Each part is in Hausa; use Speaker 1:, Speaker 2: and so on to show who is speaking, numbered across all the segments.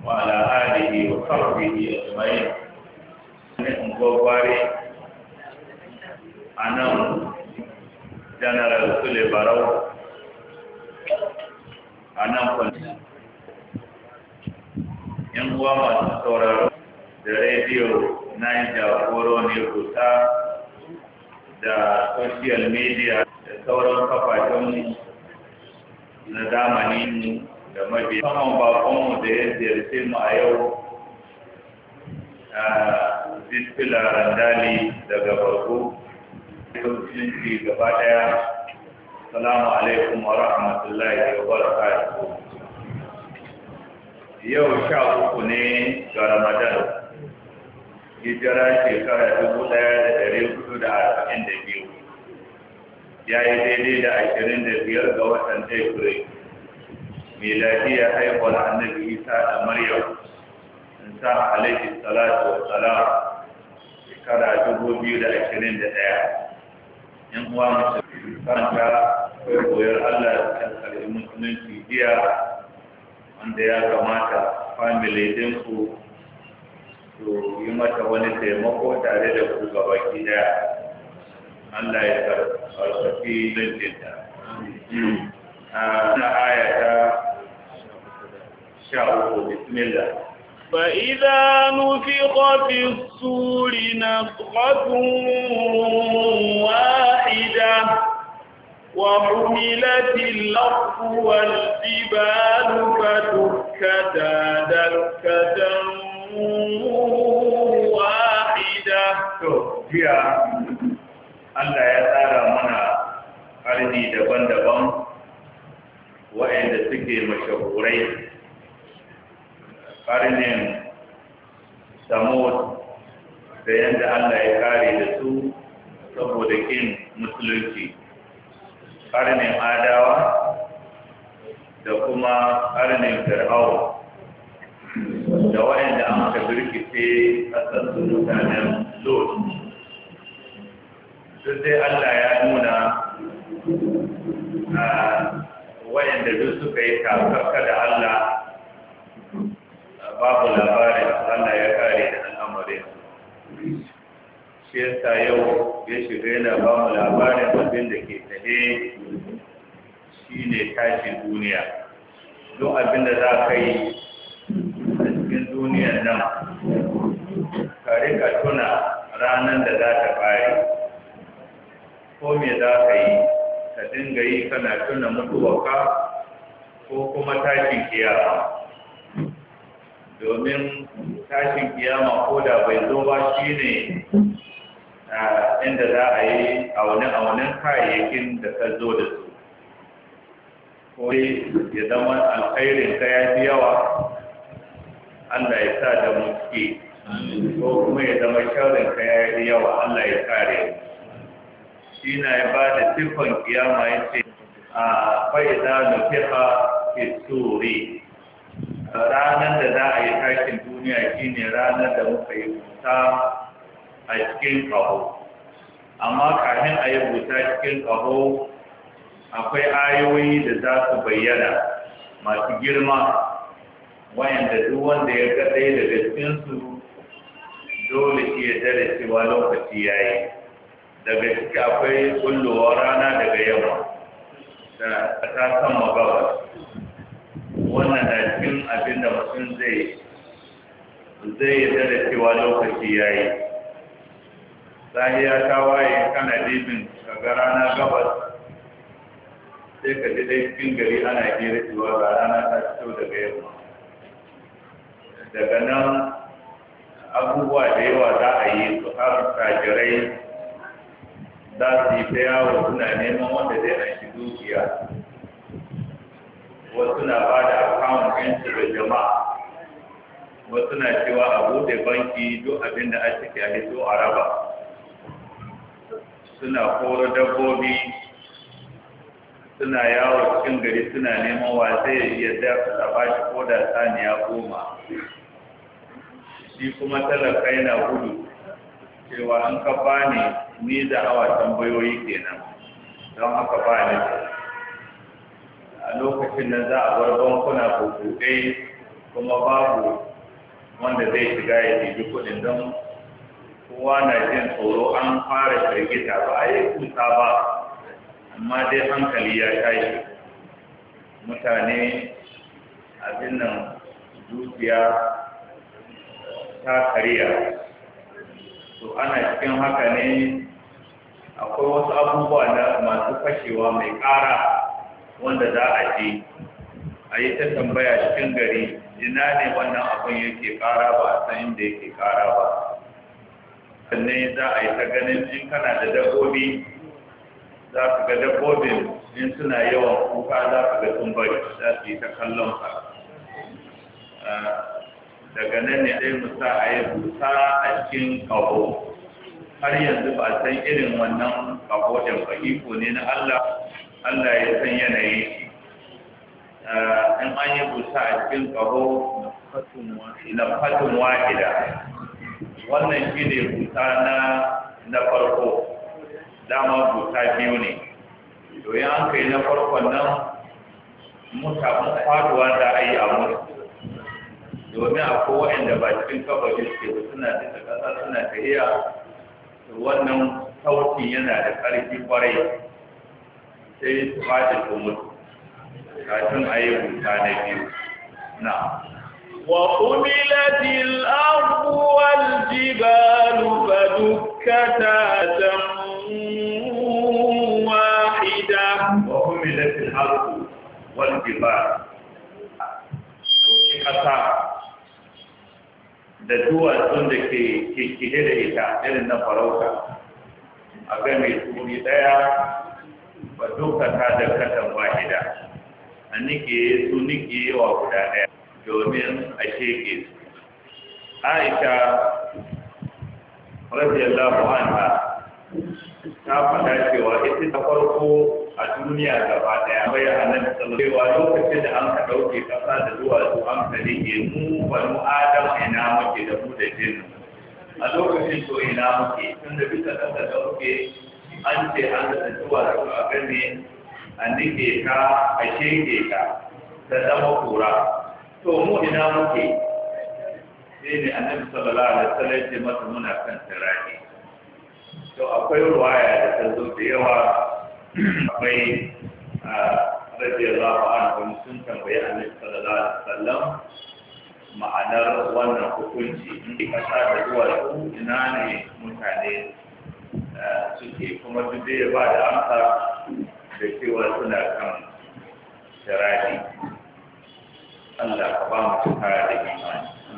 Speaker 1: Wa ala aalihi wa sarfihi wa sumayi. Ne ko gbogbo ari a nan general sule barau a nan kwanci yan uwa masu sauraro da rediyo na koro ne kusa da social media da sauran kafafen na zamanin da mafi saman bakonmu da ya ziyarce mu a yau a ah, zitfila randali daga barko musulunci gaba ɗaya, salamu alaikum wa rahmatullahi wa barakatuhu yau sha uku ne ga ramadan hijira shekara dubu ɗaya da dari hudu da arba'in da biyu ya yi daidai da ashirin da biyar ga watan taifurai miladiyya haihuwar annabi isa da maryam isa alaihi salatu wa salam shekara dubu biyu da ashirin da ɗaya. yan uwa masu kanta, kai koyar Allah ya kan karbi musulunci jiya wanda ya kamata family din ku to yi mata wani taimako tare da ku gaba gida, Allah ya karfafi lantinta. Na ah, aya ta sha uku bismillah.
Speaker 2: فإذا نفق في الصور نفقة واحدة وحملت الأرض والجبال فتركتا دركة واحدة
Speaker 1: يا الله يا ترى منا أريد أن أبان وإن تكي مشهورين karnin samud da yadda Allah ya kare da su saboda kin musulunci karnin adawa da kuma karnin fir'au da wayanda an ka birkice ƙasar su mutanen lord duk dai Allah ya nuna a ah, waɗanda duk suka yi kakakka da Allah babu labarin Allah ya kare da al'amarin shi yasa yau ya shiga yana ba mu labarin abin da ke shi ne tashin duniya don abin da za ka yi a cikin duniyar nan ka tuna ranar da za ta bari ko me za ka yi ka dinga yi kana tuna ka ko kuma tashin kiyama domin tashin kiyama ko da bai zo ba shi ne inda za a yi wani-a wani kayayyakin da ka zo da su ko ya zama alkhairin ka ya fi yawa Allah ya sa da muke ko kuma ya zama sharrin ka ya fi yawa Allah ya kare shi na ya ba da siffan kiyama ya ce a fa'ida nufiha fi turi ranar da za a yi tashin duniya shine ranar da muka yi buta a cikin ƙaho amma kafin a yi buta cikin ƙaho akwai ayoyi da za su bayyana masu girma wayanda duk wanda ya ga ɗaya daga cikinsu dole shi ya dare cewa lokaci ya yi daga ciki akwai kullowa rana daga yamma da ta sama gabas wannan na abin da mutum zai zai yi da cewa lokaci ya yi sahiya ta waye kana dibin ga rana gabas sai ka ji dai cikin gari ana gera cewa ga rana ta fito daga yamma daga nan abubuwa da yawa za a yi su har tajirai za su yi ta yawo suna neman wanda zai an shi dukiya wasu na ba da akawun yanci da jama'a wasu na cewa a buɗe banki duk abin da a ke a a raba suna koro dabbobi suna yawo cikin gari suna neman wa ya iya dafa a ba shi ko da saniya goma shi kuma talaka yana gudu cewa an ka bani ni da awa tambayoyi kenan don haka ba ni lokacin da za a bar bankuna ko buɗe kuma babu wanda zai shiga ya ɗibi kuɗin don kowa na jin tsoro an fara firgita ba a yi kusa ba amma dai hankali ya tashi mutane abin nan dukiya ta kariya to ana cikin haka ne
Speaker 3: akwai wasu abubuwa
Speaker 1: masu fashewa mai ƙara wanda za a je
Speaker 3: a yi ta tambaya cikin gari
Speaker 1: ina ne wannan abin yake kara ba a san inda yake kara ba sannan za a yi ta ganin in kana da dabbobi za ka ga dabbobin in suna yawan kuka za ka ga sun bari za su yi ta kallon ka ah, daga nan ne sai musa a yi busa a cikin kaho har yanzu ba san irin wannan kaho da ba ne na Allah Allah ya san yanayi ah, in an yi busa a cikin na lafatun wahida wannan shi ne busa na na farko dama busa biyu ne doyin an kai na farkon nan mutafin faduwa za a yi a mutu domin a ko inda ba cikin kabajin suke suna cika kasa suna tafiya wannan sautin yana da ƙarfi kwarai sai su tuba da kuma kafin a yi wuta na biyu na
Speaker 2: waƙumi latin abuwan jibalu ba duka ta zamuwa ida
Speaker 1: waƙumi latin abuwan jibalu ƙasa da duwatsun da ke kike da ita irin na farauta a gami tuni daya ba duka ta da katan wahida a nike su nike wa guda ɗaya domin a sheke su aisha radiyallahu anha ta faɗa cewa ita ta farko a duniya gaba ɗaya bai annabi sallallahu alaihi wasallam lokacin da an ka ɗauke ƙasa da duwatsu an ka rike mu banu adam ina muke da mu da jinnu a lokacin to ina muke tun da bisa ɗan da ɗauke an ce an da zuwa da a kan ne a nike ka a shege ka ta zama kura to mu ina muke sai ne annabi sallallahu alaihi wasallam ce masa muna kan tarihi to akwai ruwaya da ta zo da yawa akwai an kuma sun tambayi annabi sallallahu alaihi wasallam ma'anar wannan hukunci in ka sa da zuwa ina ne mutane ciki kuma duk da ba da amsa da cewa suna kan sharadi Allah ka ba mu cika da imani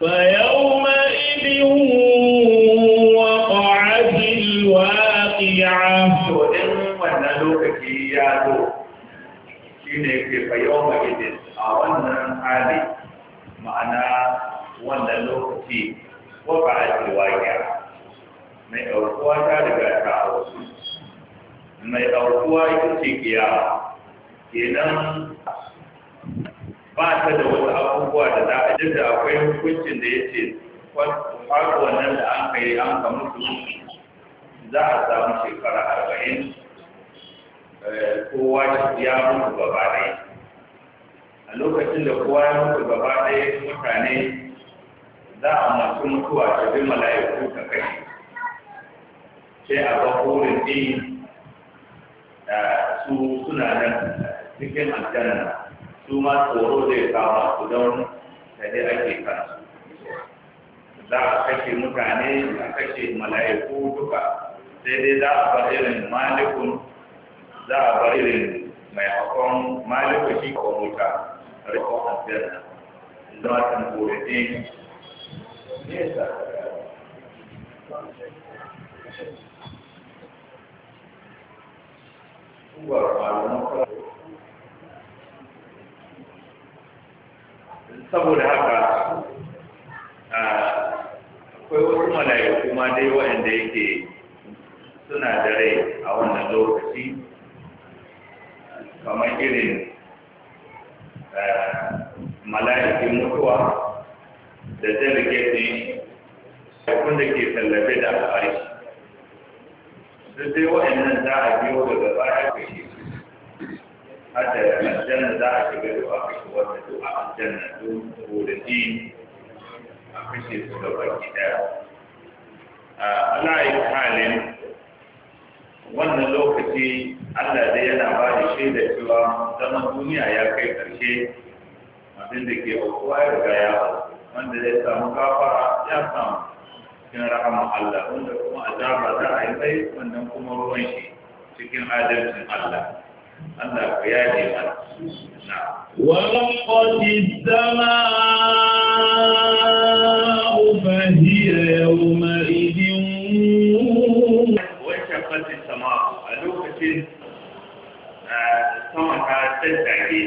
Speaker 2: فيومئذ وقعت الواقعة وإن ونلوك
Speaker 1: كيادو شيني في a wannan حالي ma'ana wannan lokaci waka ake mai aukuwa ta daga ta wasu mai aukuwa ita ce kiyama kenan ba ta da wasu abubuwa da za a jirga akwai hukuncin da ya ce faɗo nan da an kai an ka mutu za a samu shekara arba'in eh, kowa ya mutu gaba ɗaya a lokacin da kowa ya mutu gaba ɗaya mutane za a masu mutuwa ta bi mala'iku ta kai sai a ga horin ɗin su suna nan cikin aljanna su ma tsoro zai kawo su don da ne ake kansu za a kashe mutane a kashe mala'iku duka sai dai za a bar irin malikun za a bar irin mai hakon malikun shi kawo a rikon aljanna don a tamborin ɗin nesa wa malaman saboda haka akwai wasu mala'iku kuma dai waɗanda yake suna da rai a wannan lokaci kamar irin mala'ikin mutuwa da zai rike ne da ke tallafe da alfarshi duk dai wa'annan za a biyo daga baya ka shi hada aljanna za a shiga da aka aljanna don ji a kashe su da baki daya ala yi halin wannan lokaci Allah dai yana ba da shaida cewa zaman duniya ya kai karshe abinda da ke aukuwa ya riga ya wanda zai samu kafa ya samu cikin rahama Allah wanda kuma azaba za a yi mai wannan kuma ruwan shi cikin adalcin Allah
Speaker 2: Allah ku ya mana ولقد السماء فهي يومئذ وشقت السماء ألوكة
Speaker 1: السماء تتعي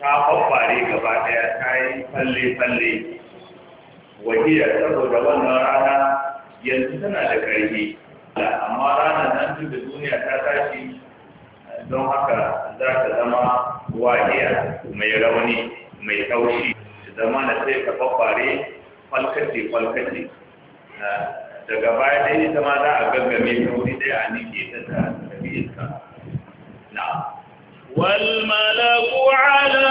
Speaker 1: ta hoppare gaba daya ta yi falle-falle wahiya saboda wannan rana yanzu tana da ƙarfi amma rana nan duk da duniya ta tashi don haka za ta zama wajiya mai rauni mai taushi zama na sai ka faffare falkace falkace daga baya dai ita ma za a gaggame ta wuri ɗaya a nike ta ta tafi iska
Speaker 2: na والملك على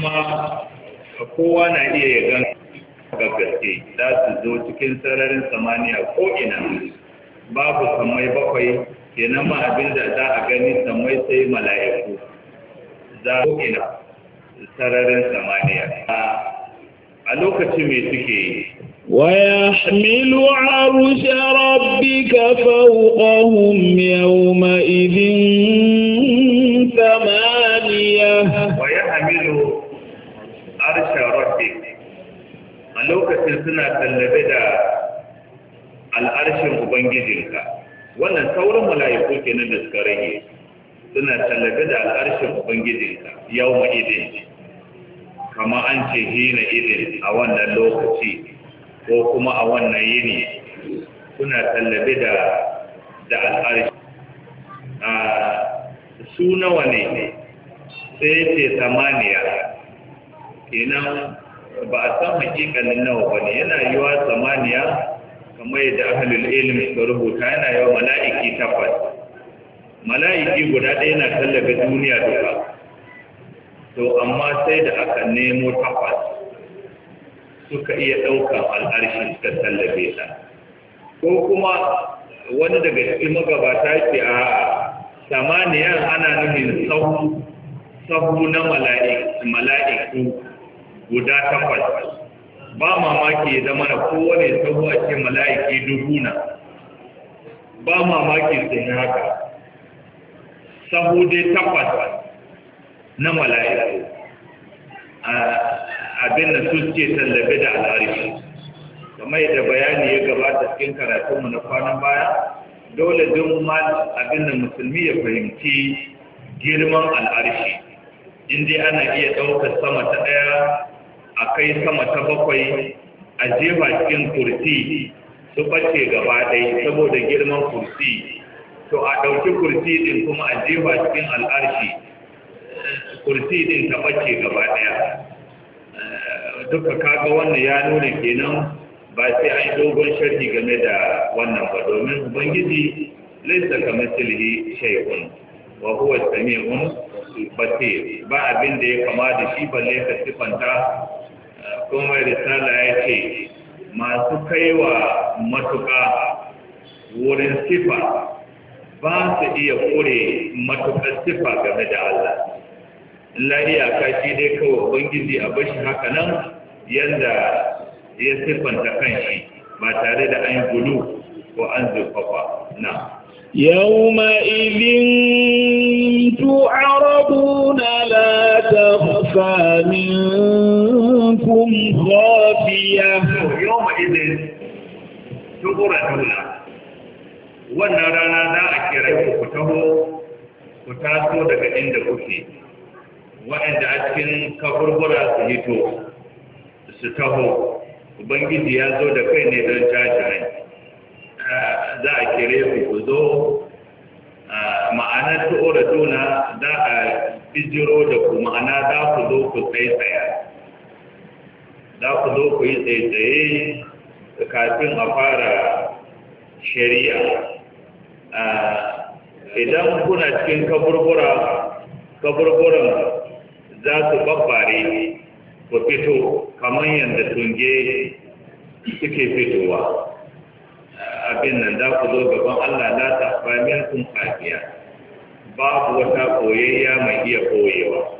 Speaker 2: kuma
Speaker 1: kowa na iya ya gan gaggace za su zo cikin sararin samaniya ko ina babu samai bakwai nan ma abin da za a gani samai sai mala'iku za ko ina sararin samaniya a lokaci mai suke yi
Speaker 2: ويحمل عرش ربك فوقهم يومئذ ثمانية a lokacin suna tallabe
Speaker 1: da al'arshin ubangijinka wannan sauran mala'iku kenan da suka rage suna tallabe da al'arshin ubangijinka yau ma idin kama an ce hina idin a wannan lokaci ko kuma a wannan yini suna tallabe da da al'arshi su nawa ne sai ce samaniya kenan ba a san hakikalin nawa ba ne yana yiwa samaniya kamar yadda ahalul ilm suka rubuta yana wa mala'iki tabbas mala'iki guda ɗaya na tallaga duniya duka to amma sai da aka nemo tabbas suka iya ɗaukan al'arshi suka tallabe ta ko kuma wani daga cikin magabata ce a samaniyar ana nufin sahu na mala'iku guda tabbas, ba mamaki ya zama na kowane sahu a ce mala'iki dubuna ba mamaki su yi haka sahu dai tabbas na mala'iki abin da ce tallabe da al'arishi kamar yadda bayani ya gabata cikin karatunmu na kwanan baya dole don mal abin da musulmi ya fahimci girman al'arishi in dai ana iya ɗaukar sama ta ɗaya a kai sama ta bakwai a jefa cikin kursi su ɓace gaba ɗaya saboda girman kursi to a ɗauki kursi ɗin kuma a jefa cikin al'arshi kursi ɗin ta ɓace gaba ɗaya eh, duka kaga wannan ya nuna kenan ba sai an yi dogon sharhi game da wannan ba domin ubangiji laisa ka silhi shaikun wa huwa sami'un basir ba abin da ya kama da shi balle ka sifanta kuma mai risala ya ce masu kaiwa matuƙa wurin sifa ba su iya kure matuƙar sifa game da Allah lahiya ka shi dai kawai ubangiji a bashi haka nan yadda ya siffanta kanshi ba tare da an gudu ko an zurfafa na
Speaker 2: يومئذ تعرضون لا تخفى منكم وجوههم خافية يومئذ تبرزون wannan rana za a kira
Speaker 1: ku taho ku taso daga inda kuke waɗanda a cikin kaburbura su hito su taho ubangiji ya zo da kai ne don caji rai za a kire ku ku zo ma'anar tu'ura duna za a bijiro da ku ma'ana za ku zo ku tsaye tsaye za ku zo ku yi tsaye-tsaye kafin a fara shari'a idan kuna cikin kaburburan za su babbare ku fito kamar yadda tunge suke fitowa abin nan za ku zo gaban Allah na ta famin babu wata koyayya mai iya koyewa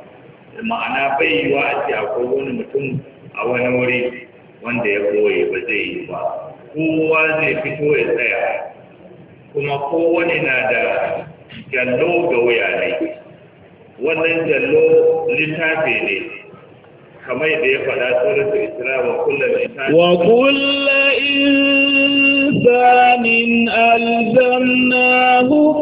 Speaker 2: ma'ana bai
Speaker 1: yi wa a akwai wani mutum a wani wuri wanda ya koye ba zai yi ba kowa zai fito ya tsaya kuma kowane na da jallo ga wuya ne wannan jallo littafi ne kamar da ya faɗa suratu isra wa kullum insani wa
Speaker 2: kullum insanin alzamnahu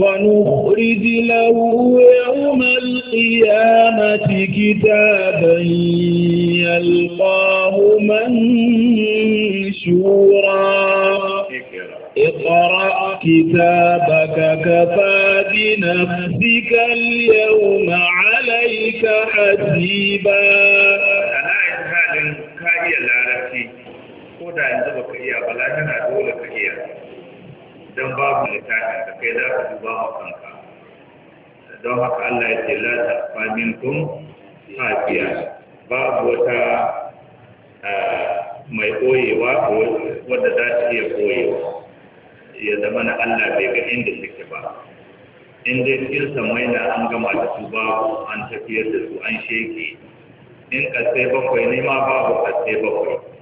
Speaker 2: ونخرج له يوم القيامة كتابا يلقاه منشورا اقرأ كتابك كفى بنفسك اليوم عليك حسيبا ko
Speaker 1: da yanzu baka iya يا la tana dole ka iya don babu littafin ka kai za ka duba wa kanka don haka Allah ya ce la ta famin kun hafiya babu wata mai koyewa wadda za ta iya koyewa ya zama na Allah bai ga inda take ba in dai cikin samai na an gama da su babu an tafiyar da su an sheke in kasai bakwai ne ma babu kasai bakwai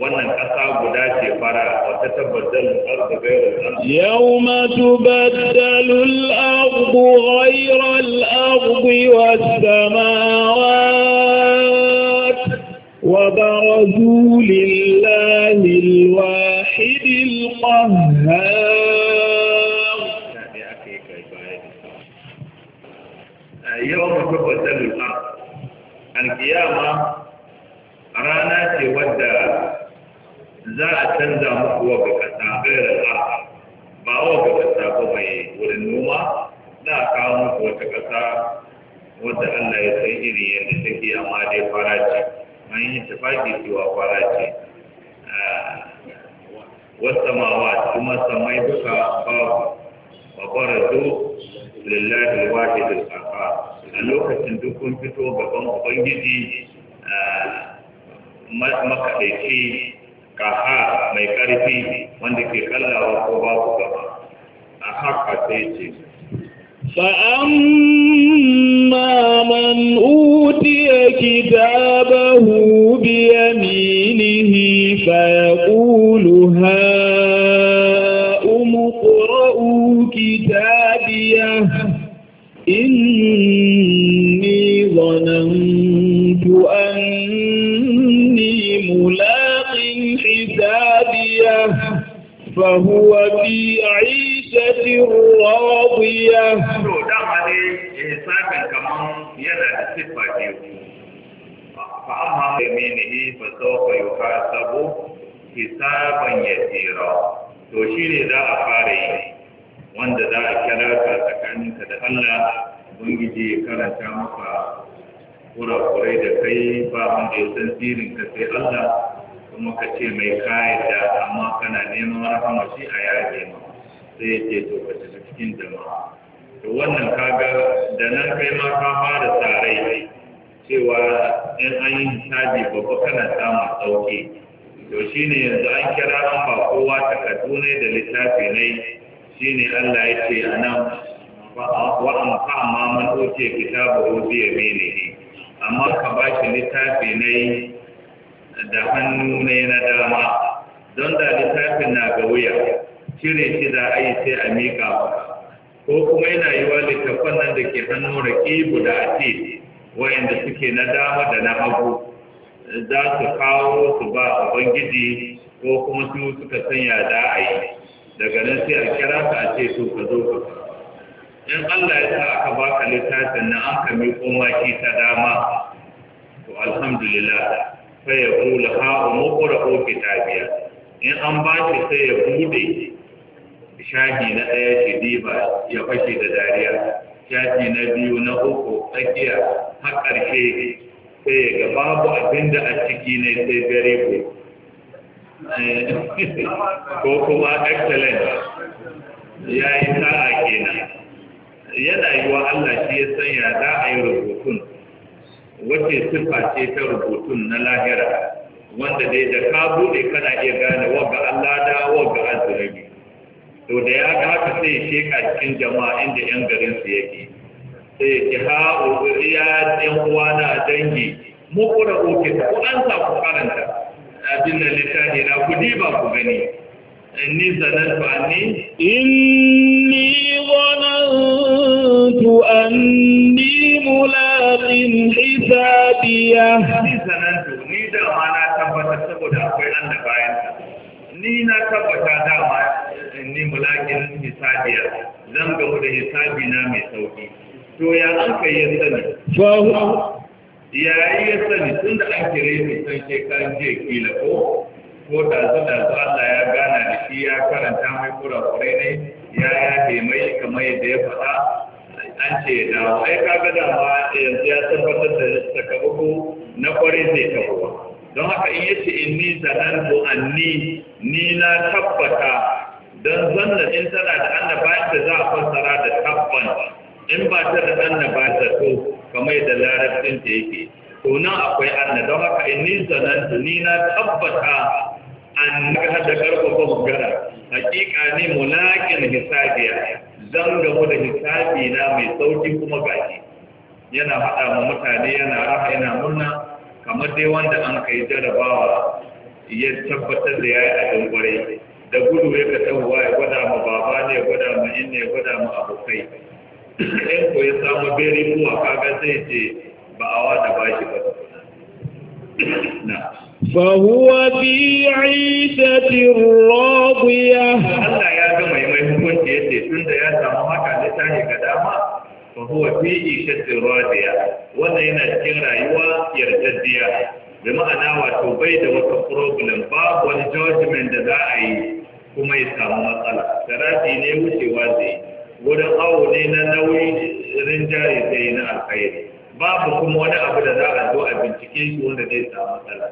Speaker 1: wannan ƙasa guda ce fara wata tabbatar al'arzu gairar
Speaker 2: yau matu baddalul arzu gairar arzu wata mawat wa barazu lillahi alwahidil qahhar
Speaker 1: yau matu baddalul arzu alkiyama rana ce wadda za a canza muku wa ga kasa za a ba wa ga kasa ba mai wurin noma za a kawo muku wata kasa wadda Allah ya san iri yadda take amma dai fara ce man yi tafaki cewa fara ce ah, wata mawa kuma samai duka babu babbar zo lillahi wahid da tsaka a lokacin duk fito gaban ubangiji ah, makaɗaici kaha mai karfi wanda ke kallawa ko ba su gaba a haka
Speaker 2: sai ce fa’amma man utiya kitabahu biya minihi fayakwa فهو في عيشة راضية
Speaker 1: فأما يمينه فسوف يحاسب حسابا يسيرا to shi ne za a fara yi wanda za a kira ka tsakaninka da Allah ubangiji ya karanta maka kurakurai da kai ba wanda ya san sai Allah kuma ce mai kayan da amma kana neman rahama shi a yaje ma sai ya ce to ba tafi cikin jama'a to wannan kaga da nan kai ma ka fara tarai cewa in an yi hisabi babba kana samu sauƙi to shine yanzu an kira an ba kowa takardu ne da littafi ne shine Allah ya ce a nan wa an ma man oke kitabu ne ne amma ka ba shi littafi ne da hannu ne na dama don da littafin na ga wuya cire shi da ai sai a miƙa ko kuma yana yi wa littafan nan da ke hannu rake guda ce wayanda suke na dama da na hagu za su kawo su ba bangiji ko kuma su suka sanya da a yi daga nan sai a kira ka a ce to ka zo ka in Allah ya sa aka baka littafin nan an ka miƙo ta dama to alhamdulillah sai ya kula ha'u ta kitabiya in an ba shi sai ya bude shaji na ɗaya shi diba ya fashe da dariya shaji na biyu na uku tsakiya har ƙarshe sai ya ga babu abin da a ciki ne sai gare eh, ku ko kuma excellent ya yi sa'a kenan yana yi wa Allah shi ya sanya za a yi rubutun wace sifa ce ta rubutun na lahira wanda dai da ka bude kana iya gane ga Allah da ga azurabi to da ya ga haka sai ya sheka cikin jama'a inda yan garin su yake sai ya ce ha ya yan uwa na dangi mu kura uke ku an sa ku karanta abin da littafi na ku diba ku gani ni zanantu anni
Speaker 2: inni zanantu anni mula نار حسابية ni da ma na tabbata saboda akwai nan da
Speaker 1: bayan ni na tabbata dama eh, ni mulakin hisabiya zan gamu da hisabi na mai sauki to ya an kai ya sani yayi ya sani tun da an kire shi san shekaran jiya kila ko ko da zuwa Allah ya gana da shi ya karanta mai kurakurai ne ya yafe mai kamar yadda ya faɗa an ce ya ka ga da dama yanzu ya tabbatar da uku na kwarai zai kawo don haka in yace inni zanantu anni ni na tabbata don zanna in tana da annaba ta za a fassara da tabban in ba ta da annaba ta to kamar yadda larabcin ta yake to nan akwai Allah don haka inni zanan ni na tabbata an ga da karfafa magana hakika ne mulakin hisabiya zan gamu da hisabi na mai sauki kuma baki yana haɗa ma mutane yana raha yana murna kamar dai wanda an kai jarabawa ya tabbatar da ya yi a dangware da gudu ya ka tahowa ya gwada ma baba ne ya gwada ma in ya gwada ma abokai in ko ya samu beri kuwa kaga zai ce ba a wata ba ba na
Speaker 2: فهو في عيشة راضية الله يا
Speaker 1: جماعة wanda ya ce tun da ya samu haka na ga dama fa huwa fi ishatin radiya wannan yana cikin rayuwa yarjaddiya da ma'ana wato bai da wata problem ba wani judgment da za a yi kuma ya samu matsala tarafi ne wucewa zai wurin awo ne na nauyin jari zai na alkhairi babu kuma wani abu da za a zo a bincike shi wanda zai samu matsala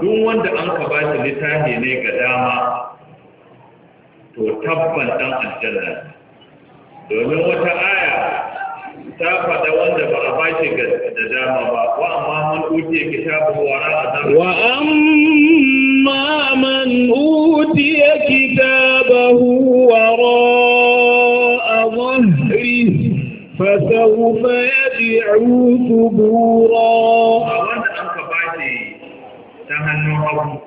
Speaker 1: duk wanda an ka ba shi littafi ne ga dama to tabban dan aljanna
Speaker 2: domin wata aya ta faɗa wanda ba a bashi da dama ba wa amma man utiya kitabu wara azab wa amma man utiya kitabahu wara azhri فسوف يدعو ثبورا. أولا أنك باتي تهنوا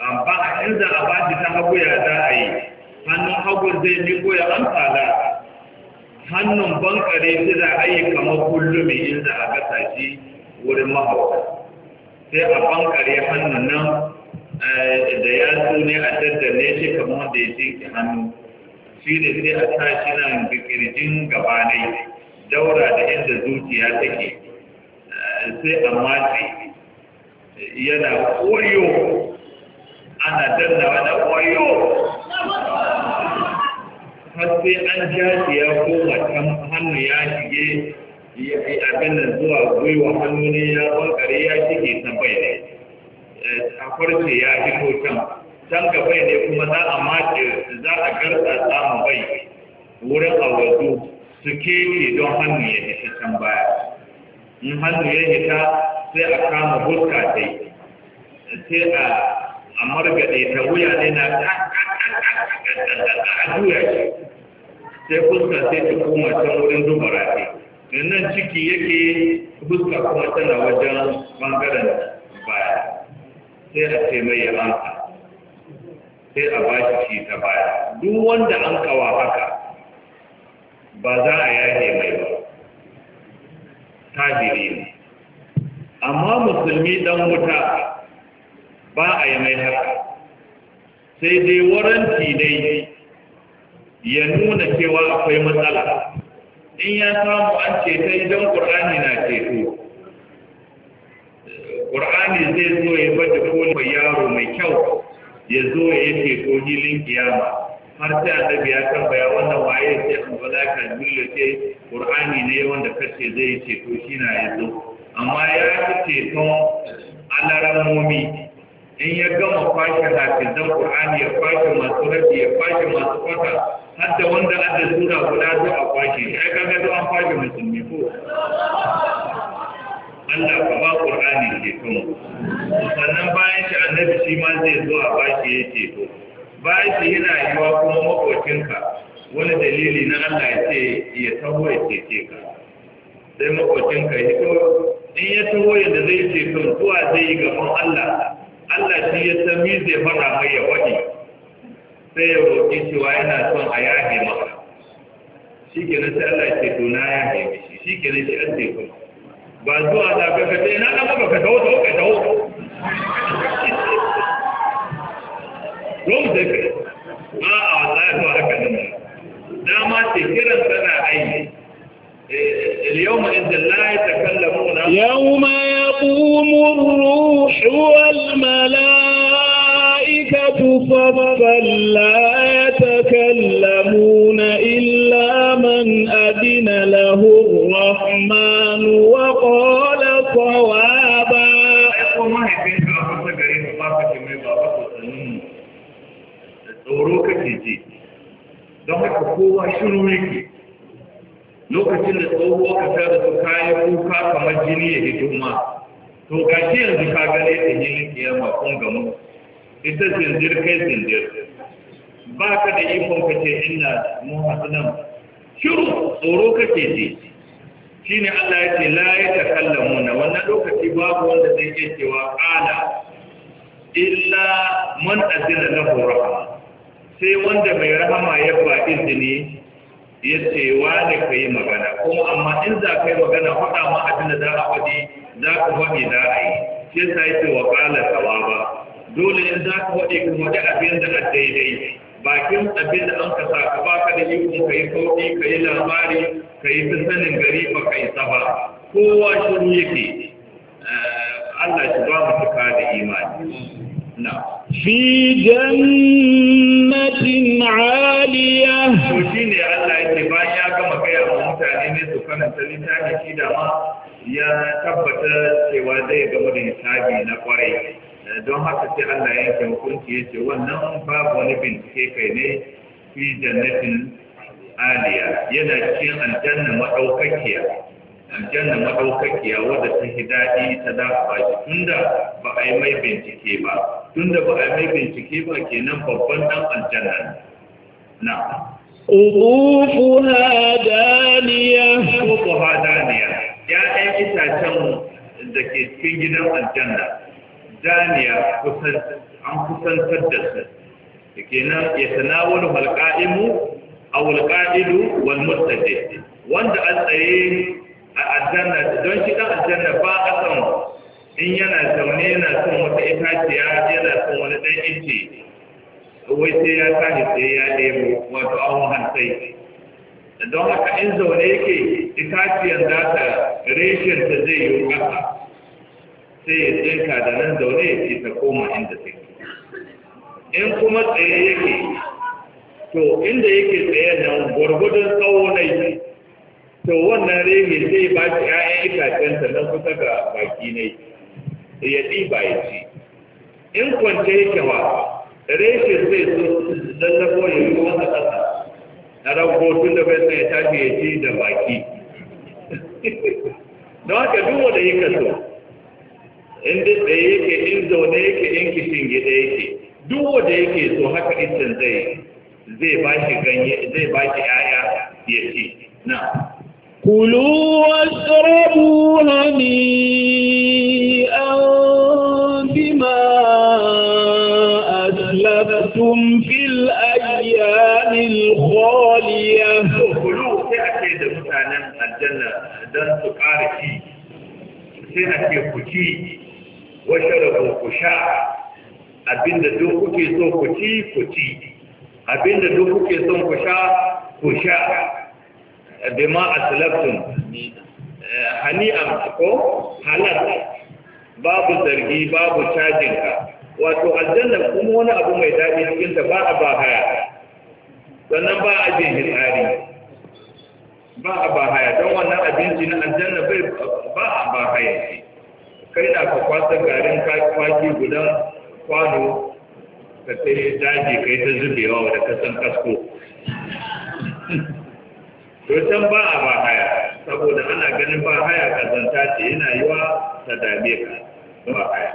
Speaker 1: amma a inda a baki ta hagu ya za a yi hannun hagu zai miko ya an da hannun bankare shi za a yi kamar kullumi inda a gasa shi wurin mahauta sai a bankare hannun nan eh, da su ne a daddane shi kamar da ya jinki hannu shi da sai a tashi nan kirjin gabanai daura da inda zuciya take eh, sai a matse yana koyo ana danna wani koyo har an an jaji ya koma can hannu ya shige abin nan zuwa gwiwa hannu ne ya bankare ya shige ta bai ne eh, a farce ya fito can can ga bai ne kuma za a mace za a garsa samu bai wurin awadu su keke don hannu ya fita can baya in hannu ya fita sai a kama huska sai a a ɗaya ta wuya ne na a juya shi sai fuska sai ta koma can wurin zuba rafi nan ciki yake fuska kuma tana wajen bangaren baya sai a ce mai ya sai a ba shi ta baya duk wanda an kawa haka ba za a mai ba tajiri ne amma musulmi dan wuta ba a yi mai haka sai dai waranti dai ya nuna cewa akwai matsala in ya samu an ceto idan ƙur'ani na ceto ƙur'ani zai zo ya bada koli mai yaro mai kyau ya zo ya ceto hilin kiyama har sai annabi ya tambaya wannan waye ce an bala ka jillo ce ƙur'ani ne wanda kace zai yi ceto shi na ya zo amma ya fi ceton alaramomi in ya gama kwashe hafizan Qur'ani ya kwashe masu rabi ya kwashe masu kwata hatta wanda adda sura guda su a kwashe ya ai kaga zo an kwashe musulmi ko Allah ka ba Qur'ani ke kan sannan bayan shi annabi shi ma zai zo a kwashe ya ce to bayan shi yana yiwa kuma makokinka wani dalili na Allah ya ce ya taho ya ceke ka sai makokinka ya to in ya taho yadda zai ce kan zuwa zai yi gaban Allah Allah shi ya san mi zai fara mai ya wani sai ya roƙi cewa yana son a yahe maka shi nan sai Allah ke to na yahe shi shi nan shi an teku ba zuwa da ka kace na na ba ka tawo tawo ka tawo don da ka a a ya ba haka ne dama ce kiran tana aiki اليوم إذ
Speaker 2: لا يتكلمون يوم يقوم الروح والملائكة صفا لا يتكلمون إلا من أذن له الرحمن وقال صوابا
Speaker 1: tsoro kake ji don haka kowa shiru yake lokacin da tsohuwa ka ta da su kayan kuka kamar jini ya hito ma to ga shi yanzu ka gane ta hilin kiyama kun gamu ita zindir kai zindir ba ka da ikon ka ce ina mun hasu nan shiru tsoro ka ce shi ne Allah ya ce la ya ta kallamu muna, wannan lokaci babu wanda zai iya cewa ala illa man azina na rahama sai wanda mai rahama ya ba izini ya ce wane ka yi magana kuma amma in za ka yi magana faɗa ma abin da za a faɗi za ka faɗi za a yi shi yasa ce wa ƙala ba. dole in za ka faɗi kuma da abin da a daidai bakin abin da an ka ka ba ka da iko ka yi sauƙi ka yi labari ka yi ta sanin gari ba ka isa ba
Speaker 2: kowa shiru yake
Speaker 1: eh, Allah shi ba mu da imani na
Speaker 2: fi jannatin aliya to ne Allah yake bayan ya gama gaya wa
Speaker 1: mutane ne su karanta littafi shi da ma ya tabbata cewa zai gama da na kwarai eh, don haka sai Allah ya yanke hukunci ya ce wannan babu wani bincike kai ne fi jannatin aliya yana cikin aljanna madaukakiya aljanna madaukakiya wadda ta hi daɗi ta dafa ba shi tunda ba a yi mai bincike ba tunda ba a yi mai bincike ba kenan babban dan aljanna
Speaker 2: na Utufuha daniya Utufuha daniya
Speaker 1: ɗan itacen da ke cikin gidan aljanna daniya an kusantar da su kenan ya sanawar malka'imu a walƙa'idu wal mutsaje wanda an tsaye a aljanna don shi dan aljanna ba a san in yana zaune yana son wata itaciya yana son wani dan ice wai sai ya tashi sai ya nemo wato awon hantai don haka in zaune yake itaciyar za ta reshen ta zai yi ƙasa sai ya tsinka da nan zaune ya ce ta koma inda take
Speaker 3: in kuma tsaye yake to
Speaker 1: inda yake tsaye nan gwargwadon tsawo na yi to wannan rehin zai ba shi ‘ya'yan itacen sannan kusa ga baki ne ya ɗiba ya ci in kwance yake wa reshin zai so lallabo ya yi wata ƙasa na rahoton da bai sai ya tafi ya ci da baki don haka duk wanda ya kaso in duk da yake in zaune yake in kishin gida yake duk wanda yake so haka itin zai zai ba shi ganye zai ba shi ‘ya'ya ya ci
Speaker 2: na كلوا واشربوا هنيئا بما أسلفتم في الأيام الخالية كلوا
Speaker 1: تأكيد مثلا الجنة دان تقاركي سنة كتي واشربوا كشاعة abinda duk kuke so ku ci ku ci abinda duk kuke son ku sha ku sha bima aslaftum hani'an ko halal babu zargi babu cajin ka wato aljanna kuma wani abu mai daɗi cikin ta ba a ba haya sannan ba a jin hilari ba a ba haya don wannan abinci na aljanna bai ba a ba haya ce kai na ka kwasa garin kwaki gudan kwano ka sai daji kai ta zubewa da kasan kasko to can ba a ba haya saboda ana ganin ba haya kazanta ce yana yiwa ta dame ka ba haya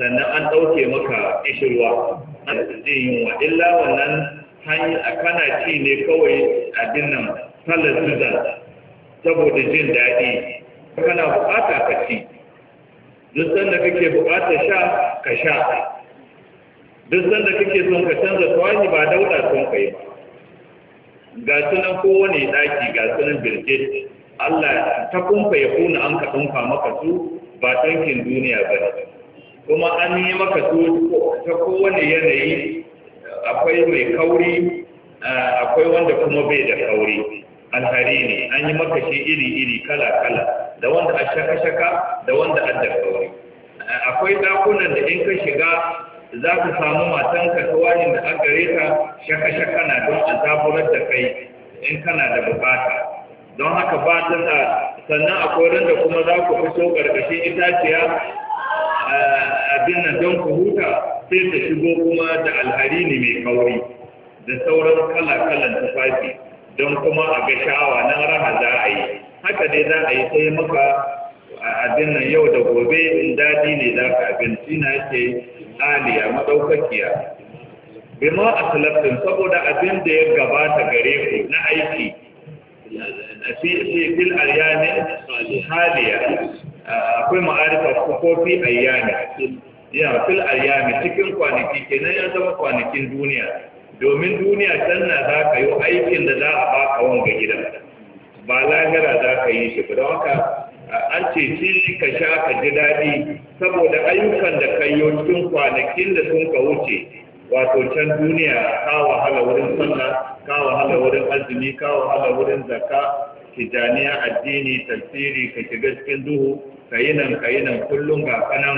Speaker 1: sannan an ɗauke maka ishirwa an zai yin wa illa wannan hanyar a kana ci ne kawai a dinnan salar zuzan saboda jin daɗi kana buƙata ka ci duk sanda kake buƙatar sha ka sha duk sanda kake son ka canza tuwani ba dauɗa son kai ba ga sunan kowane ɗaki ga sunan birke Allah ta kumfa ya kuna an ka kumfa maka su ba tankin duniya ba kuma an yi maka su ta kowane yanayi akwai mai kauri akwai wanda kuma bai da kauri alhari ne an yi maka shi iri-iri kala-kala da wanda a shaka-shaka da wanda a da kauri akwai dakunan da in ka shiga za ka samu matanka ta wajen da aka reta shaka-shaka na don a zaburar da kai in kana da bukata don haka ba ta da sannan a ran da kuma za ku fito ƙarƙashin itaciya eh, abin nan don ku huta sai ta shigo kuma da alharini mai kauri da sauran kala-kalan tufafi don kuma a ga shawa nan raha za a yi haka dai za a yi sai maka abin nan yau da gobe in daɗi ne za ka abinci na yake aliya madaukakiya bima aslaftin saboda abin da ya gabata gare ku na aiki fi fil aryani haliya akwai ma'arifa ko fi ayyami ya fil ayyami cikin kwanaki kenan ya zama kwanakin duniya domin duniya can na za ka yi aikin da za a baka wanga gidan ba lahira za ka yi shi don haka an ce ci ka sha ka ji daɗi saboda ayyukan da kai yau cikin kwanakin da sun ka wuce wato can duniya ka wahala wurin sallah ka wahala wurin azumi ka wahala wurin zakka tijaniya addini tafsiri ka shiga cikin duhu ka yi nan ka yi nan kullum ga kanan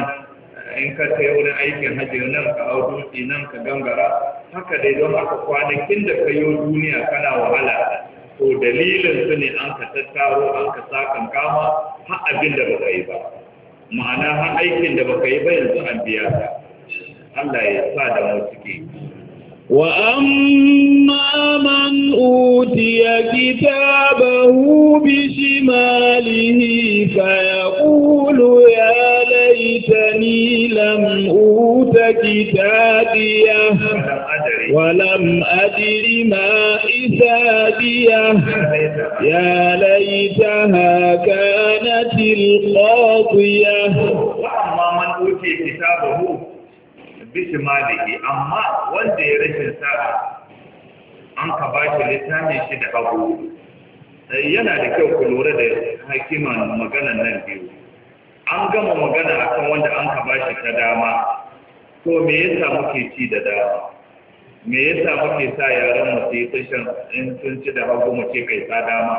Speaker 1: in ka sai wurin aikin hajji nan ka hau dutse nan ka gangara haka dai don haka kwanakin da ka yau duniya kana wahala to dalilin su ne an ka tattaro an ka sakan kama har abin da baka yi ba ma'ana har aikin da baka yi ba yanzu an biya ta
Speaker 2: Allah ya sa da mu suke وأما من أوتي كتابه بشماله فيقول يا ليتني لم أوت كتابيه ولم أدر ما حسابيه يا ليتها كانت القاضية وأما
Speaker 1: من أوتي كتابه bishimalihi amma wanda ya rashin sa'a an ka ba shi littafin shi da hagu eh, yana da kyau ku lura da hakiman maganan nan biyu an gama magana akan wanda an ka ba shi ta dama to me yasa muke ci da dama me yasa muke sa yaran mu su yi tushen in sun ci da hagu mu ce kai ta dama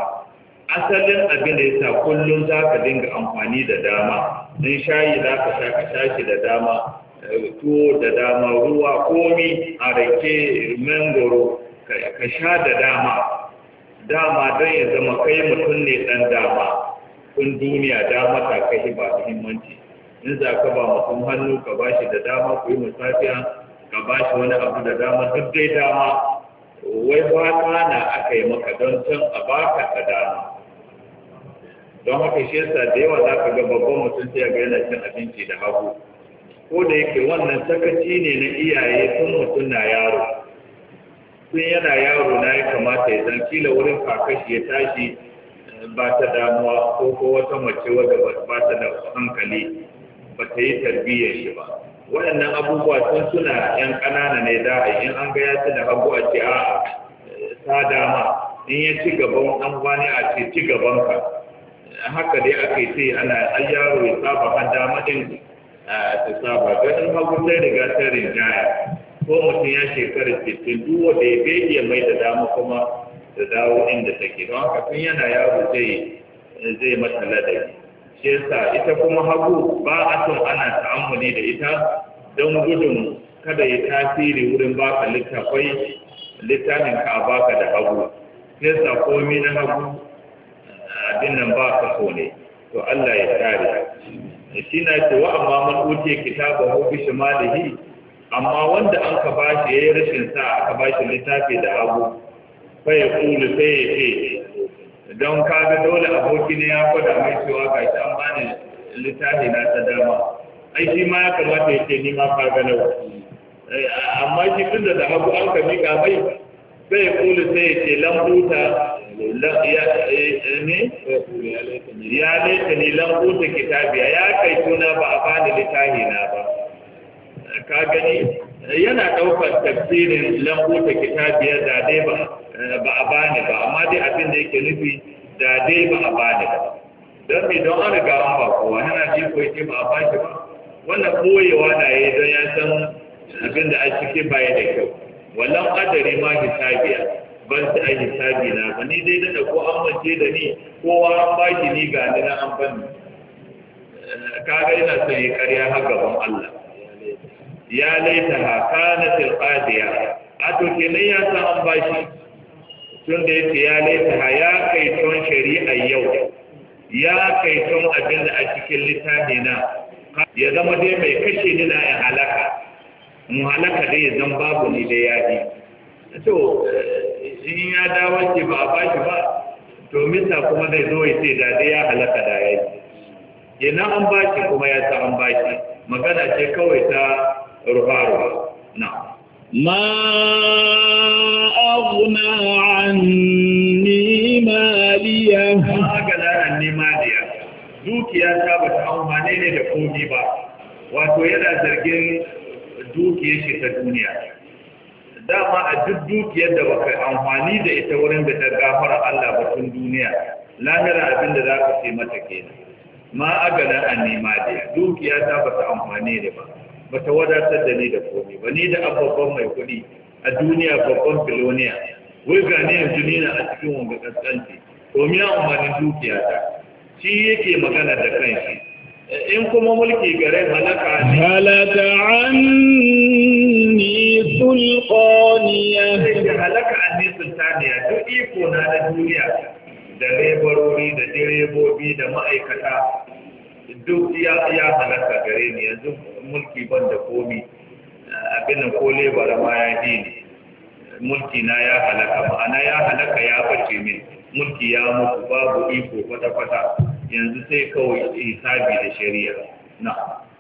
Speaker 1: asalin abin da yasa kullum za ka dinga amfani da dama in shayi za ka sha ka sha shi da dama tuwo da dama ruwa komi a rake mangoro ka sha da dama dama don ya zama kai mutum ne dan dama kun duniya dama ta kai ba muhimmanci in za ka ba mutum hannu ka ba shi da dama ku yi musafiya ka ba shi wani abu da dama duk dai dama wai fata na aka yi maka don can a baka ka dama don haka shi yasa da yawa za ka ga babban mutum sai ya ga yana cin abinci da hagu ko da yake wannan sakaci ne na iyaye tun mutum na yaro tun yana yaro na ya kamata ya zan kila wurin kakashi ya tashi eh, ba ta damuwa ko ko wata mace wadda ba ta da hankali ba ta yi tarbiyyar shi ba waɗannan abubuwa tun suna yan ƙanana ne da in an ga ya ci da hagu a ce a'a eh, ta dama in ya ci gaban an bani a ce ci gaban ka haka dai kai sai ana yaro ya saba hada dama ta saba ganin hagu sai riga ta rinjaya ko mutum ya shekara cikin duk wanda ya bai ya mai da dama kuma da dawo inda take don haka tun yana yaro zai zai mata ladabi shi yasa ita kuma hagu ba a son ana ta'ammuli da ita don gudun kada ya tasiri wurin baka littafai littafin ka baka da hagu shi yasa komai na hagu abin nan ba ka so ne to Allah ya kare shine ce wa amma man uti kitaba hu bi shimalihi amma wanda an ka bashi yayin rashin sa aka bashi littafi da hagu fa ya kulu sai ya ce don kaga dole aboki ne ya faɗa mai cewa ga shi an bani littafi na ta dama ai shi ma ya kamata ya ce ni ma kaga nawa eh, amma shi tunda da hagu an ka miƙa mai sai ya kulu sai ya ce lambuta ya laita ni lambuta kitabiya ya kai tuna ba a bani littafi na ba ka gani yana ɗaukar tafsirin lambuta kitabiya da dai ba a bani ba amma dai abin da yake nufi da dai ba a bani ba don mai don an riga an ba kowa yana ji ko yake ba a ba ba wannan koyewa na yi don ya san abin da a ciki baya da kyau wallan adari ma kitabiya. ban ta a hisabi na ba ni dai da ko an mace da ni kowa an ba ki ni ga ni na an bani eh, ga ina son yi karya har gaban Allah ya laita ha kana til qadiya a to ne ya san an ba shi tun da yake ya laita ha ya kai ton shari'a yau ya kai ton abin da a cikin littafi na ya zama dai mai kashe ni na halaka mu halaka dai zan babu ni da yadi. to eh, in ya dawo ce ba a bashi ba to minta kuma zai zo ya ce da ya halaka da yi kenan an ba shi kuma ya ta an shi magana ce kawai ta ruwa-ruwa na
Speaker 2: ma aghna anni maliya ma aghna anni maliya
Speaker 1: dukiya ta ba ta amfane ne da komi ba wato yana zargin dukiyar shi ta duniya dama a duk dukiyar da baka amfani da ita wurin da ta gafara Allah batun duniya lahira abin da za ka ce mata kenan ma agana a nema da dukiya ta ba ta amfani da ba ba ta wadatar da ni da komai ba ni da abubuwan mai kuɗi a duniya babban filoniya wai ga ni yanzu ni na a cikin wanga kaskanci komai amfanin dukiya ta shi yake magana
Speaker 2: da kanshi
Speaker 1: in kuma mulki gare halaka ne
Speaker 2: halaka anni sulqaniya halaka
Speaker 1: anni sultaniya duk iko na da duniya da lebarori da direbobi da ma'aikata duk ya ya halaka gare ni yanzu mulki ban da komi abin nan ko lebara ma ya bi mulki na ya halaka ma'ana ya halaka ya bace min mulki ya mutu babu iko kwata-kwata yanzu sai kawai hisabi da shari'a na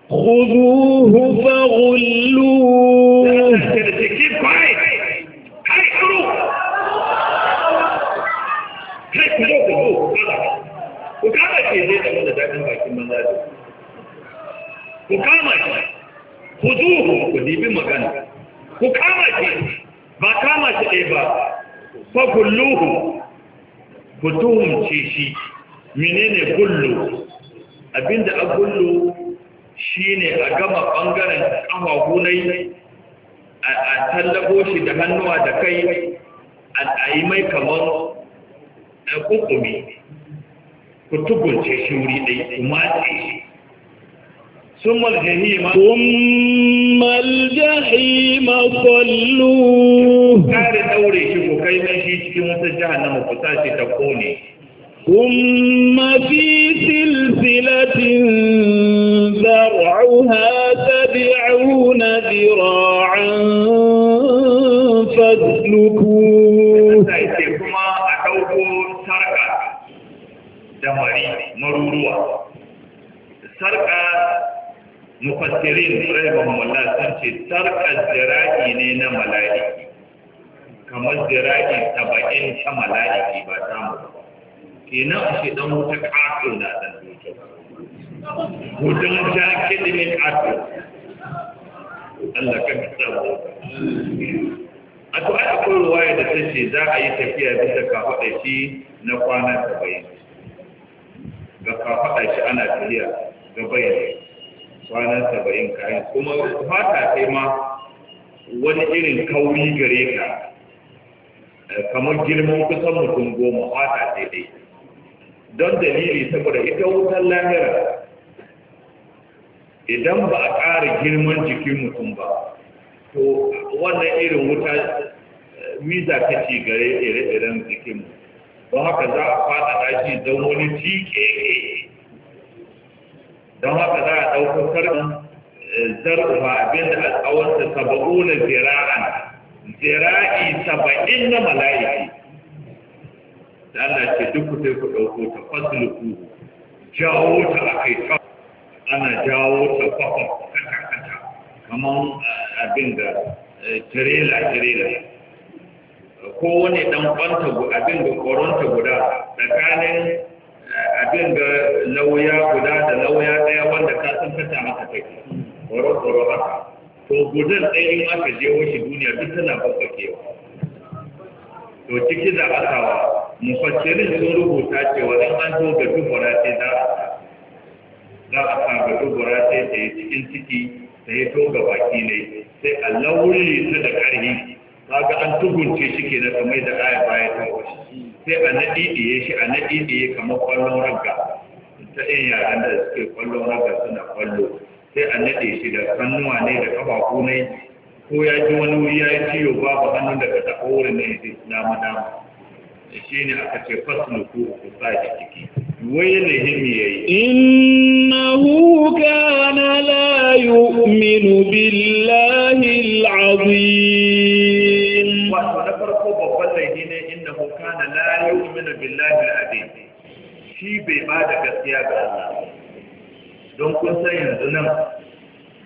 Speaker 2: khuduhu hufa hullu kai kai ku kama ce
Speaker 1: ku kama ku kama ce ba kama ce ɗaya ba ku tuhumce shi menene gullu abinda a gullu shine a gama bangaren kafafunai a tallabo shi da hannuwa da kai a yi mai kamar kukumi ku tubunce shi wuri ɗai
Speaker 2: kuma matse shi ثم الجحيم ثم الجحيم صلوه كare ɗaure shi ko kai mai shi cikin wata na ku tashi ta kone ثم في سلسلة ذرعها سبعون ذراعا فاسلكوه كما أحوه
Speaker 1: سرقة mufassirin rahimahum Allah sun ce tarkar jira'i ne na mala'iki kamar jira'i saba'in ta mala'iki ba ta mutu. kenan a ce dan wuta ƙato na dan wuta wutan ta kiɗi ne ƙato Allah kan kasa mu a to ai akwai ruwaya da ta ce za a yi tafiya bisa kafaɗa shi na kwana saba'in ga kafaɗa shi ana tafiya ga bayan kwanan saba'in kayan kuma fata sai ma wani irin kauri gare ka eh, kamar girman kusan mutum goma fata sai dai don dalili saboda ita wutar lahira idan ba a ƙara girman jikin mutum ba to wannan irin wuta miza ta ci gare ire-iren jikin don haka za a fada daji don wani tike don haka za a ɗauko sarkin eh, zarfa abinda a tsawonsa saba'una zira'an zira'i saba'in na mala'iki da Allah ce duk sai ku ɗauko ta fasluku jawo ta akai ta ana jawo ta kwafa kanta kanta kamar eh, abin da eh, tirela tirela
Speaker 2: wani dan
Speaker 1: kwanta abin da koronta guda tsakanin eh, abin da lauya guda da lauya ɗaya wanda ka san kata haka take koro koro haka to gudan ɗaya in aka je washe duniya duk tana babbakewa
Speaker 2: to ciki da asawa mufassirin sun rubuta cewa in an zo ga dubura sai
Speaker 1: za a za a sa ga dubura sai ta yi cikin ciki ta yi to ga baki ne sai a lauri su da ƙarfi kaga an tugunce shi ke na kamar da aya baya ta wasu sai a naɗiɗiye shi a naɗiɗiye kamar ƙwallon ragga ta ɗin yaran da suke ƙwallon ragga suna ƙwallo sai a naɗe shi da hannuwa ne da ƙafafu ne ko ya ji wani wuri ya yi ciwo babu hannun da ka taɓa wurin ne ya dama dama
Speaker 2: shi ne aka ce faslu ko ku sa shi ciki wai ne himi yayi innahu kana la yu'minu billahi al-azim wato na farko babban laifi ne innahu
Speaker 1: kana la yu'minu billahi al shi bai ba da gaskiya ga Allah don kun san yanzu nan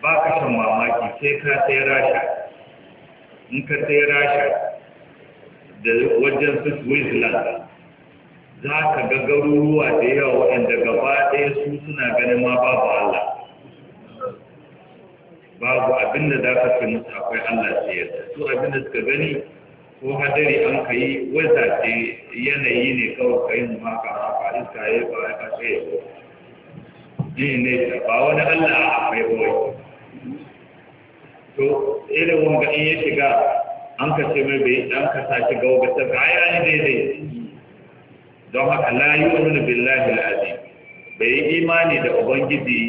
Speaker 1: ba ka shan mamaki sai ka sai rasha in ka sai rasha da wajen su switzerland za ka ga garuruwa da yawa waɗanda gaba ɗaya su suna ganin ma babu allah babu abinda za ka fi musu akwai allah sai yadda su abinda suka gani ko hadari an ka yi ce yanayi ne kawai ka yi maka haka iska ya ba ka sai ya ne ne ba wani allah a akwai kawai to irin wanga in ya shiga an ka ce mai bai dan ka sa shiga ta baya ne daidai don haka la yu'minu billahi al-azim bai imani da ubangiji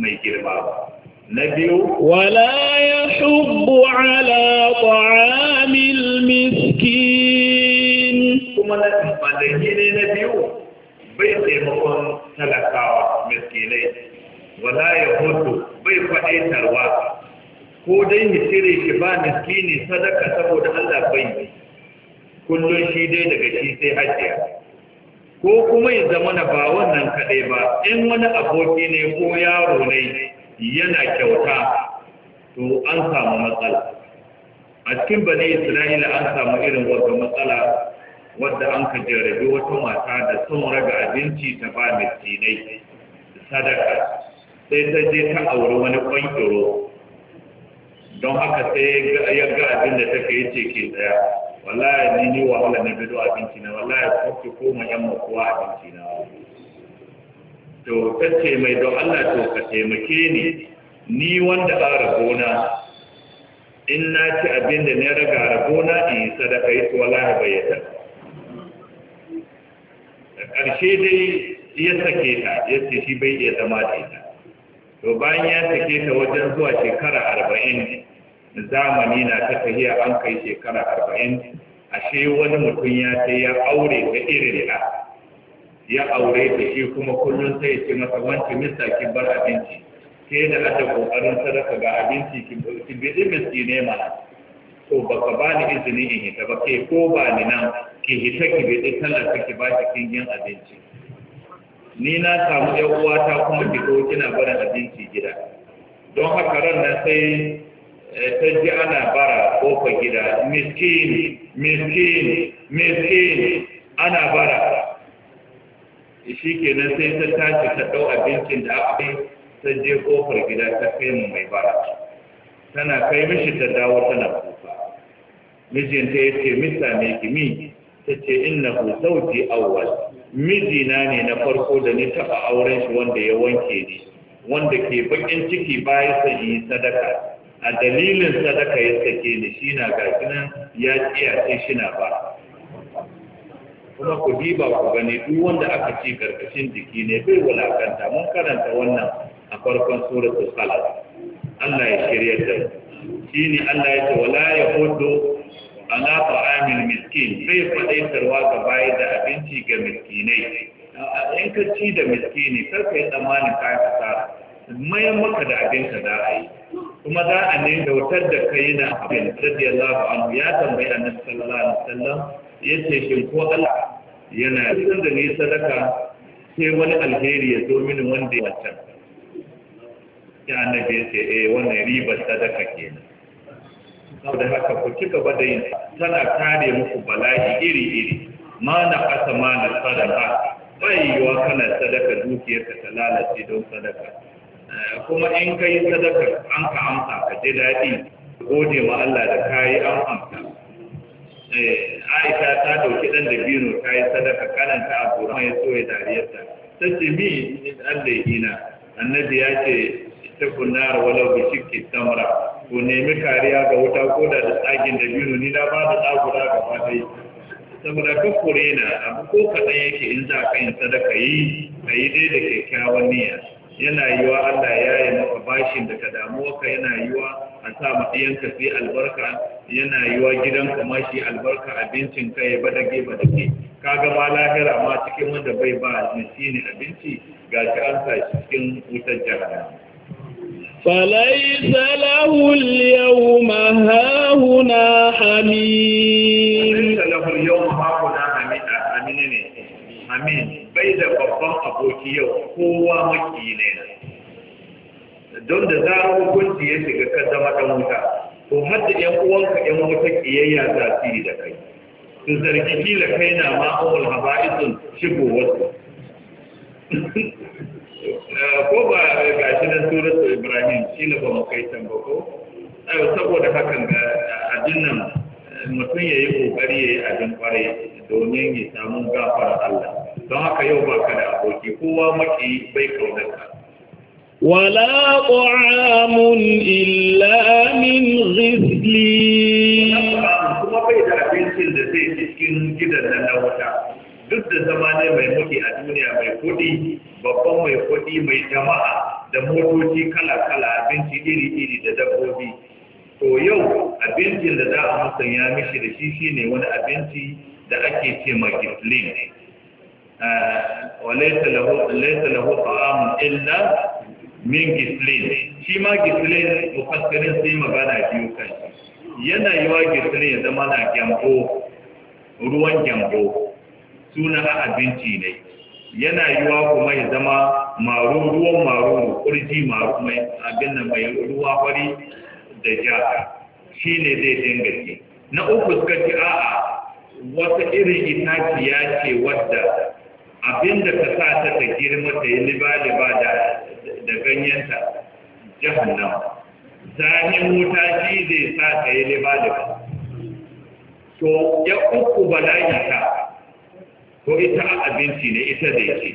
Speaker 1: mai girma ba na biyu wala
Speaker 2: yahubbu ala ta'amil miskin kuma na
Speaker 1: malaki ne na biyu bai taimakon talakawa miskinai wala yahudu bai faɗaitarwa ko dai Misiri cire shi ba miskini sadaka saboda Allah bai yi kullum shi dai daga shi sai hajiya ko kuma ya zama na ba wannan kadai ba in wani aboki ne ko yaro ne yana kyauta to an samu matsala a cikin Bani isra'ila an samu irin wata matsala wadda an ka jarabi wata mata da sun raga abinci ta ba miskinai sadaka sai ta je ta auri wani kwankiro don haka sai ya ga abin da take yi ce ke tsaya wallahi ni ni wahala na bido abinci na wallahi ko ki koma yan makuwa abinci na to tace mai don Allah to ka taimake ni ni wanda a na in na ci abin da na raga na in sadaka yi wallahi bayyana da ƙarshe dai ya sake ta ya ce shi bai iya zama da ita to bayan ya sake ta wajen zuwa shekara arba'in zamani na ta tahiya an kai shekara arba'in ashe wani mutum ya ce ya aure ta irin da ya aure ta shi kuma kullum sai ce masa wancan mista ki bar abinci ke da ada kokarin sadaka ga abinci ki? bar ki bi miski ne ma to baka ba ni izini in hita ba ke ko ba ni nan ki hita ki bi tallafa ki ba ki kin yin abinci ni na samu yan uwata kuma ki zo kina barin abinci gida don haka ran nan sai ta eh, ji ana bara kofa gida miskin miskin miskin ana bara eh, shi ke kenan sai ta tashi ta ɗau abincin da aka ta je kofar gida ta kai mu mai bara tana kai mishi ta dawo tana kuka mijinta ya ce mista ki kimi ta ce inna ku sauti awwal mijina ne na farko da ni taɓa auren shi wanda ya wanke ni wanda ke bakin ciki bayan sa yi sadaka a dalilin sadaka ya sake ni shi na gashi nan ya ce shi na ba kuma ku diba ku gani duk wanda aka ci karkashin jiki ne bai wulakanta mun karanta wannan a farkon suratul salat Allah ya shirya da ne Allah ya ce wala ya Ana ala ta'amil miskin bai fadaitarwa ga baya da abinci ga miskinai in ka ci da miskini kar ka yi tsammanin ka kasara Mayan maka da abin ka za a yi kuma za a ne wutar da kai na abin radiyallahu anhu ya tambayi na sallallahu alaihi wasallam ce shin ko Allah yana san da ni sadaka ke wani alheri ya zo mini wanda ya wancan ya annabi yace eh wannan riba sadaka kenan saboda haka ku cika gaba da yin tana kare muku bala'i iri iri ma na kasa ma na sadaka bai yiwuwa kana sadaka dukiyarka ta lalace don sadaka kuma in ka yi sadakar an ka amsa ka ji daɗi gode ma Allah da ka yi an amsa eh, Aisha ta dauki ɗan da biro ta yi sadaka kananta a burin ya so ya dariyarta ta ce mi Allah ina annabi ya ce ta kunnar wala bi shikki samra ko nemi kariya ga wuta ko da da tsagin da biro ni na ba da tsagura gaba dai saboda ka na abu ko kaɗan yake in za ka yin sadaka yi ka yi dai da kyakkyawan niyya yana yiwa Allah ya yi maka bashin da ka damuwa ka yana yiwa a sa maɗiyanka sai albarka yana yiwa gidanka ma shi albarka abincin ka ya ba badage ka ga ma lahira ma cikin wanda bai ba ne abinci ga shi an sa
Speaker 2: cikin wutar jahannama فليس له اليوم هاهنا حميم فليس له اليوم هاهنا
Speaker 1: حميم bai da babban aboki yau kowa maki ne don da zarar hukunci ya shiga ka zama dan wuta to hadda yan uwanka yan wuta kiyayya za su yi da kai su zargi kila kai na ma'amul haba'isun
Speaker 2: shigo wasu
Speaker 1: eh, ko ba ga shi nan suratu ibrahim kila ba mu kai can ba saboda hakan ga abin nan eh, mutum ya yi ƙoƙari ya yi abin kwarai domin ya samu gafara Allah don haka yau ba ka da aboki kowa maki bai kaunarka
Speaker 2: Wala طعام illa min غسلين kuma bai da
Speaker 1: abincin da zai cikin gidan nan na wuta duk da zama ne mai muke a duniya mai kuɗi babban mai kuɗi mai jama'a da motoci kala-kala abinci iri-iri da dabbobi to yau abincin da za a musanya mishi da shi shine wani abinci da ake ce ma وليس له ليس له طعام إلا من جسلين shi ma ko mufassirin sai magana biyu kan yana yi wa gisilin ya zama na gyambo ruwan gyambo suna abinci ne yana yi wa kuma ya zama maru ruwan maru kurji maru mai abin da mai ruwa fari da ja shi ne zai dinga ce na uku suka ce a'a wata irin itaciya ce wadda abinda ka sa ta ta girma ta yi liba-liba da ganyenta jahannama zahin wuta shi zai sa ta yi liba-liba to ya uku bala'i ta ko ita abinci ne ita zai ce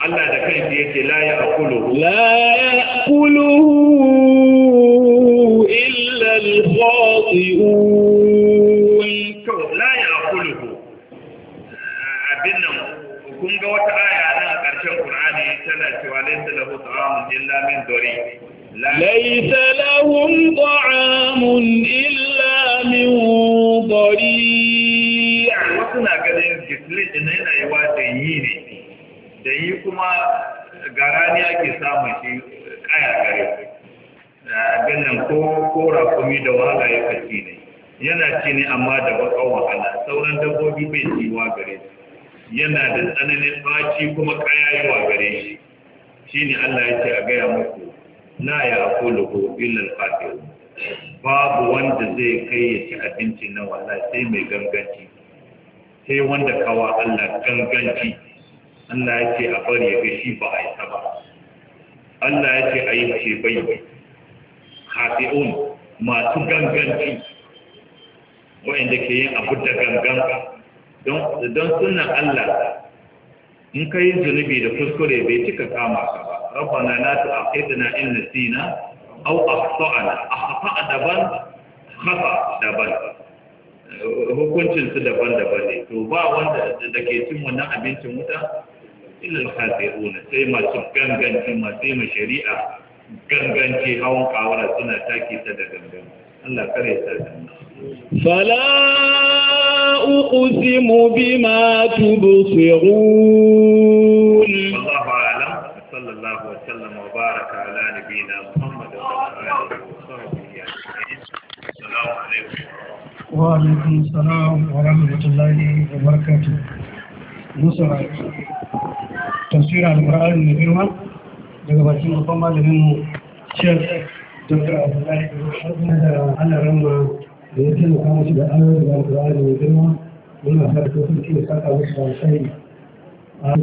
Speaker 1: Allah da kai yake la ya akulu la ya
Speaker 2: akulu illa al ga wata aya nan a ƙarshen Qur'ani
Speaker 1: tana cewa laysa lahu ta'amun illa min dori laysa
Speaker 2: lahum ta'amun illa min dori
Speaker 1: wasu na ganin gisli din yana yiwa da yi ne da yi kuma garani ake samun shi kaya gare ko kora kumi da wahala ya kaci ne yana ci ne amma da bakan wahala sauran dabbobi bai ciwa gare su yana da tsananin baci kuma ƙayayewa gare shi Shi ne Allah ya ce a gaya muku na ya ko illa al-fatir babu wanda zai kai ya ci abinci na wallahi sai mai ganganci sai wanda kawa Allah ganganci Allah ya ce a bari ya ga shi ba a yi ba Allah ya ce a yi ce bai khati'un masu ganganci wa'inda ke yin abu da gangan don sunan Allah in ka yi zunubi da kuskure bai cika kama ka ba rabbana la tu'akhidna in nasina aw akhtana akhta daban khata daban hukuncin su daban-daban ne to ba wanda da ke cin wannan abincin wuta ilal khasiruna sai masu ganganci masu yi shari'a ganganci hawan kawara suna take ta da gangan Allah kare ta da
Speaker 2: fala أقسم بما تبصرون الله أعلم
Speaker 1: صلى الله وسلم وبارك على نبينا محمد وعلى آله وصحبه أجمعين السلام
Speaker 3: عليكم وعليكم السلام ورحمة الله
Speaker 1: وبركاته نصر تفسير على من
Speaker 2: الإمام daga bakin babban malamin mu dr abdullahi da rama da ya taimaka mashi da ayoyin da alƙur'ani mai girma muna
Speaker 3: harkar sarki da saka mashi da alƙairi